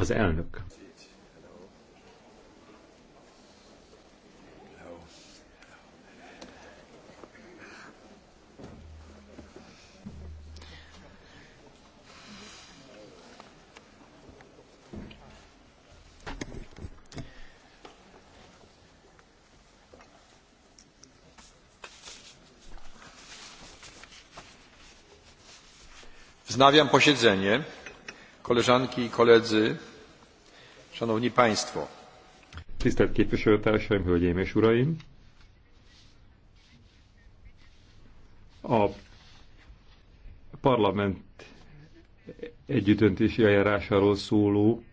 Az elnök. wznawiam posiedzenie koleżanki i koledzy szanowni państwo tisztelt képviselőtársaim hölgyeim és uraim a parlament együttöntési eljárásáról szóló